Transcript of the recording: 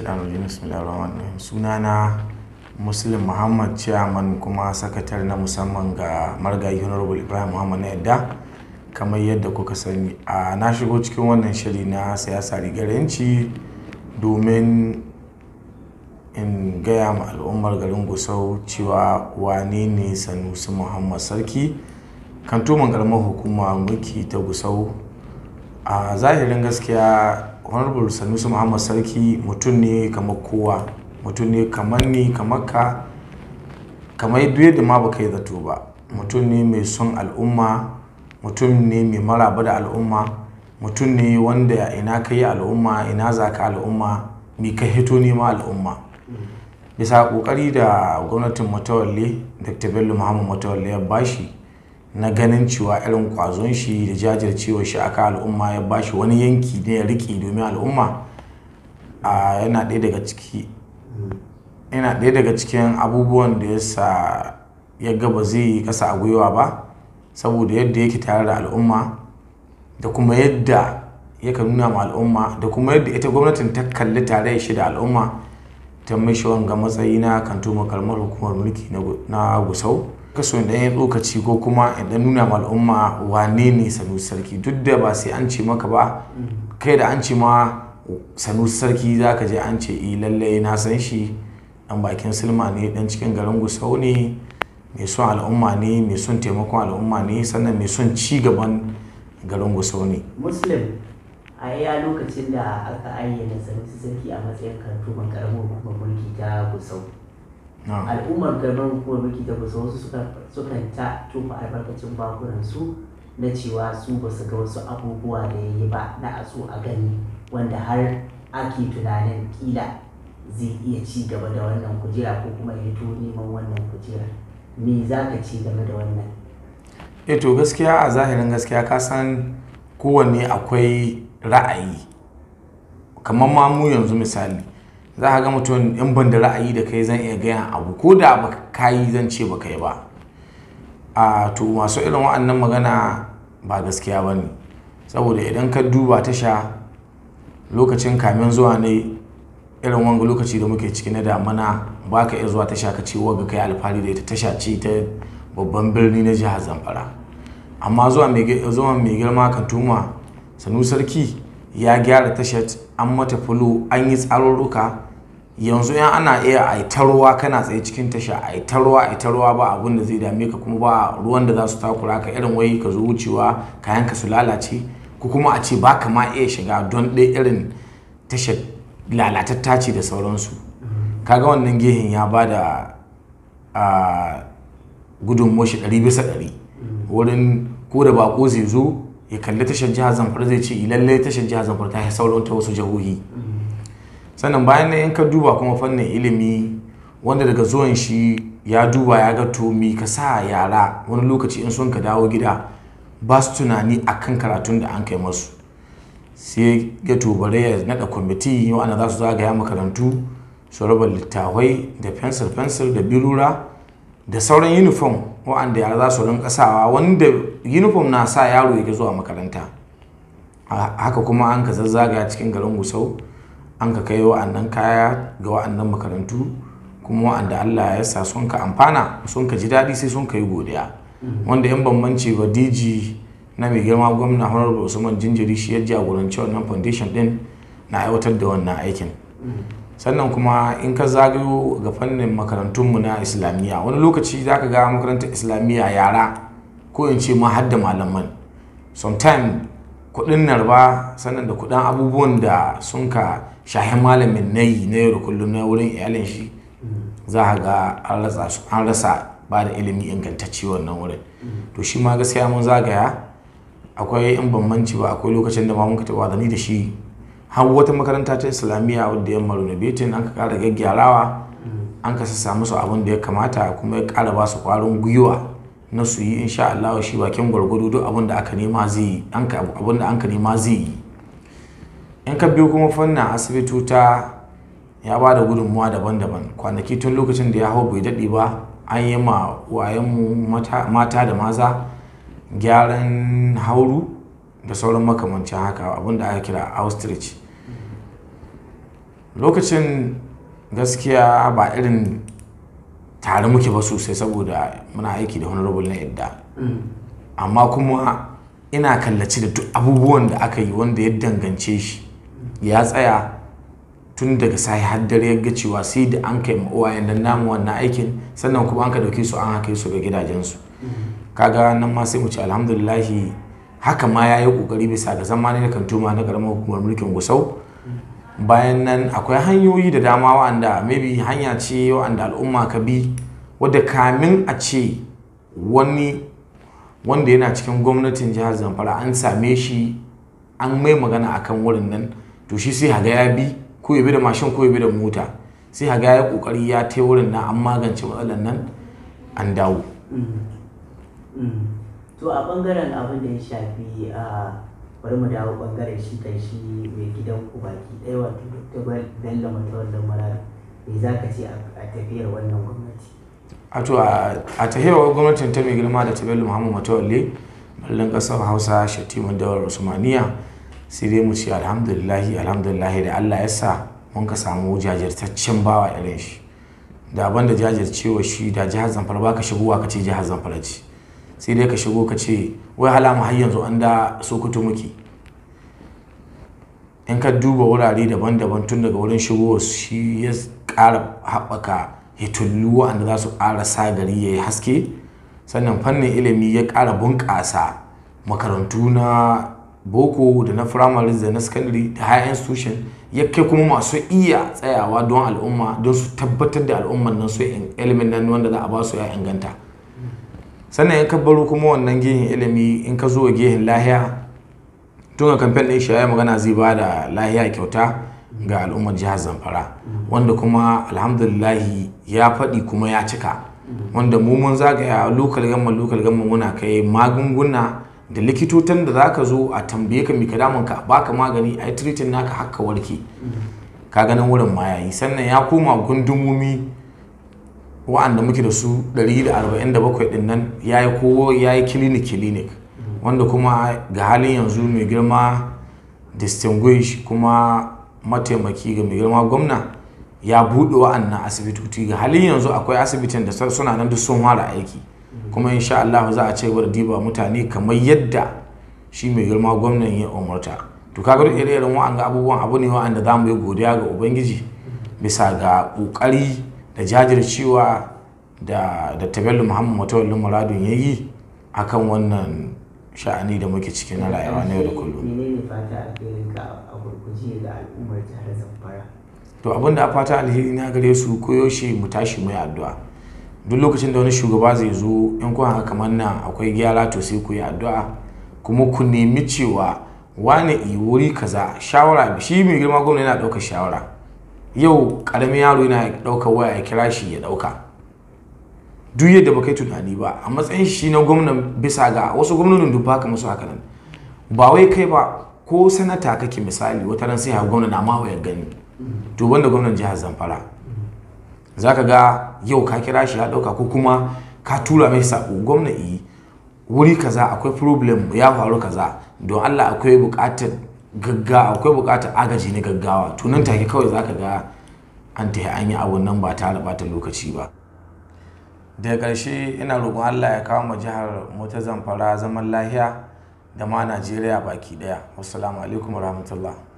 rashid sunana muslim muhammad chairman kuma sakatar na musamman ga margayi honorable ibrahim muhammad na yadda kamar yadda kuka sani a na shigo cikin wannan shiri na siyasa yanci domin in gaya ma al'ummar garin gusau cewa wane ne sanusi muhammad sarki kantoman karamar hukuma mulki ta gusau a zahirin gaskiya honorable sanusi muhammad sarki mutum ne kamar kowa mutum ne kamar ni kamar ka kamar duk yadda ma baka yi zato ba mutum ne mai son al'umma mutum ne mai maraba da al'umma mutum ne wanda ina ka yi al'umma ina za ka al'umma mai ka hito nema al'umma bisa kokari da gwamnatin matawalle dr bello muhammad matawalle ya bashi na ganin cewa irin kwazon shi da jajircewar shi aka al'umma ya ba shi wani yanki ne ya riƙe domin al'umma yana ɗaya daga yana ɗaya daga cikin abubuwan da yasa ya ga ba zai yi ƙasa a gwiwa ba saboda yadda yake tare da al'umma da kuma yadda yaka nuna ma al'umma da kuma yadda ita gwamnatin ta kalli tare shi da al'umma ta mishi wanga matsayi na kan kalmar hukumar mulki na gusau kaso da ya lokaci ko kuma idan nuna ma al'umma wane ne sanusi sarki duk da ba sai an ce maka ba kai da an ce ma sanusi sarki za ka je an ce i eh, lallai na san shi dan bakin sulma ne dan cikin garin gusau ne mai son al'umma ne mai son taimakon al'umma ne sannan mai son ci gaban garin gusau ne muslim a ya lokacin da aka ayyana sanusi sarki a matsayin kartuban karamar mulki ta gusau Ah. al'ummar garin kuma biki da kusa wasu suka ta tofa albarkacin bakunansu na cewa su basu ga wasu abubuwa da ya yi ba na a so a gani wanda har ake tunanin kila zai iya ci gaba da wannan kujera ko kuma ya to neman wannan kujera me za ka ci gaba da wannan eto eh gaskiya a zahirin gaskiya ka san kowanne akwai ra'ayi kamar ma mu yanzu misali za ka ga mutum in ban da ra'ayi da kai zan iya gaya abu ko da ba ka yi zan ce ba kai ba a to masu irin wa'annan magana ba gaskiya ba ne saboda idan ka duba tasha lokacin kamin zuwa ne irin wanga lokaci da muke ciki na damana ba ka iya zuwa tasha ka ce waga kai alfahari da ita tasha ce ta babban birni na jihar zamfara amma zuwa mai girma ka tuma sanu sarki ya gyara tashar an mata fulu an yi tsarurruka yanzu yan ana iya aitarwa kana tsaye cikin tasha aitarwa aitarwa ba abin da zai dame ka kuma ba ruwan da za su takura ka irin wai ka zo wucewa kayan ka su lalace ko kuma a ce ba ma iya shiga don ɗaya irin tashar lalatatta ce da sauransu kaga wannan gehen ya ba da gudun moshi ɗari bisa ɗari wurin ko da bako zai zo ya kalli tashar jihar zamfara zai ce lallai tashar jihar zamfara ta sauran ta wasu jihohi sannan bayan na in ka duba kuma fannin ilimi wanda daga zuwan shi ya duba ya ga to mi ka sa yara wani lokaci in sun ka dawo gida ba su tunani kan karatun da an kai masu sai ga tubare ya naɗa kwamiti ana za su zagaya makarantu su raba littafai da fensir fensir da birura da sauran uniform wa'anda yara za su rin sawa wanda uniform na sa yaro ya zuwa makaranta haka kuma an ka zazzaga cikin garin gusau an ka kai wa'annan kaya ga wa'annan makarantu kuma wa'anda allah ya sa sun ka amfana sun ka ji daɗi sai sun ka yi godiya mm-hmm. wanda yan bambanci ba dg na mai girma gwamna honorable usman jinjiri shi ya jagoranci wannan foundation din na aiwatar da wannan aikin mm-hmm. sannan kuma in ka zagayo ga fannin makarantunmu na islamiyya wani lokaci za ka ga makarantar islamiyya yara ko in ce ma malaman sometime kudin narba sannan da kudin abubuwan da sun ka shahin malamin na yi na yau da kullum na wurin iyalin shi za a ga an rasa ba da ilimi ingantacce wannan wurin to shi ma gaskiya mun zagaya akwai in bambanci ba akwai lokacin da ma mun ka taba da da shi har wata makaranta ta islamiyya wadda ya maru na an ka kara gyaggyarawa an ka samu su abin da ya kamata kuma ya kara ba su kwarin gwiwa na su yi insha Allah shi bakin gwargwado duk abin da aka nema zai yi abin da an ka nema zai yi in ka biyo kuma fannin asibituta ya ba da gudunmuwa daban-daban kwanaki tun lokacin da ya hau bai daɗe ba an yi ma mu mata da maza gyaran hauru da sauran makamancin haka abin da aka kira ostrich lokacin gaskiya ba irin tare muke ba sosai saboda muna aiki da honorable na yadda mm. amma kuma ina kallaci da duk abubuwan da aka yi wanda ya dangance shi ya tsaya tun daga sai har dare ya ga cewa sai da an kai uwayen dan namu wannan aikin sannan kuma an ka dauke su an haka su ga gidajensu mm. kaga nan ma sai mu ce alhamdulillahi haka ma ya yi kokari bisa ga zama ne na kantoma na karamar hukumar mulkin gusau bayan nan akwai hanyoyi da dama wa'anda maybe hanya ce wa'anda al'umma ka bi wadda kamin a ce wani wanda yana cikin gwamnatin jihar zamfara an same shi an mai magana akan wurin nan to shi sai haga ya bi ko ya bi da mashin ko ya bi da mota sai haga ya kokari ya tai wurin nan an magance matsalar nan an dawo mm-hmm. Mm-hmm. to a bangaren abin da ya shafi a ah, bari mu dawo bangare shi kai shi mai gidan ku baki ɗaya wato dr mata wannan marar me za ka ce a tafiyar wannan gwamnati a to a tafiyar gwamnatin ta mai girma da ta bello muhammad matawalle mallin ƙasar hausa shatiman dawar usmaniya sai dai mu ce alhamdulillahi alhamdulillahi da allah ya sa mun ka samu jajirtaccen bawa irin shi da abin da jajircewa shi da jihar zamfara baka shigowa ka ce jihar zamfara ce sai dai ka shigo ka ce wai halama har yanzu an da sokoto muke in ka duba wurare daban-daban tun daga wurin shigo shi ya ƙara haɓaka hitullu wanda za su ƙara sa gari ya yi haske sannan fannin ilimi ya ƙara bunƙasa makarantu na boko da na firamare da na secondary da high institution ya kai kuma masu iya tsayawa don al'umma don su tabbatar da al'umman nan su ilimin nan wanda za a ba su ya inganta sannan in ka baro kuma wannan gehen ilimi in ka zo gehen lahiya tun a kamfen ɗin shi magana zai ba da lahiya kyauta ga al'ummar jihar zamfara wanda kuma alhamdulillahi ya faɗi kuma ya cika wanda mu mun zagaya lokal gamma lokal gamma muna kai magunguna da likitotan da za ka zo a tambaye ka mika damun ka baka magani a yi treating naka haka warke ka ganin wurin ma yayi sannan ya koma gundumomi wa'anda muke da su 147 din nan ya yi kowo ya yi clinic clinic wanda kuma ga halin yanzu mai girma distinguish kuma mataimaki ga mai girma gwamna ya buɗe wa'annan asibitoci ga halin yanzu akwai asibitin da suna nan duk sun fara aiki kuma insha Allah za a ce wa diba mutane kamar yadda shi mai girma gwamnan ya umarta to kaga irin wa'anga abubuwan abu ne wa'anda za mu yi godiya ga ubangiji bisa ga ƙoƙari da jajircewa da da tabellu muhammad matawallin muradun ya yi akan wannan sha'ani da muke ciki na rayuwa na yau da kullum to abin da a fata alheri na gare su koyaushe mu tashi mu addu'a duk lokacin da wani shugaba zai zo in kun haka kamar nan akwai gyara to sai ku yi addu'a kuma ku nemi cewa wani wuri kaza shawara shi mai girma gwamna yana ɗaukar shawara yau ƙaramin yaro yana ɗaukar waya ya kira shi ya ɗauka duk yadda baka yi tunani ba a matsayin shi na gwamnan bisa ga wasu gwamnonin duk baka musu haka nan ba wai kai ba ko sanata kake misali wata ran sai ha gwamna na ma ya gani to wanda gwamnan jihar Zamfara zaka ga yau ka kira shi ya ɗauka ko kuma ka tura mai sako gwamna yi eh, wuri kaza akwai problem ya faru kaza don Allah akwai buƙatar gagga akwai bukatar agaji na gaggawa tunan take kawai za ka ga an ta an yi abun nan ba ta bata lokaci ba daga ƙarshe ina roƙon allah ya kawo ma jihar mota zamfara zaman lahiya da ma najeriya baki daya wassalamu alaikum rahmatullah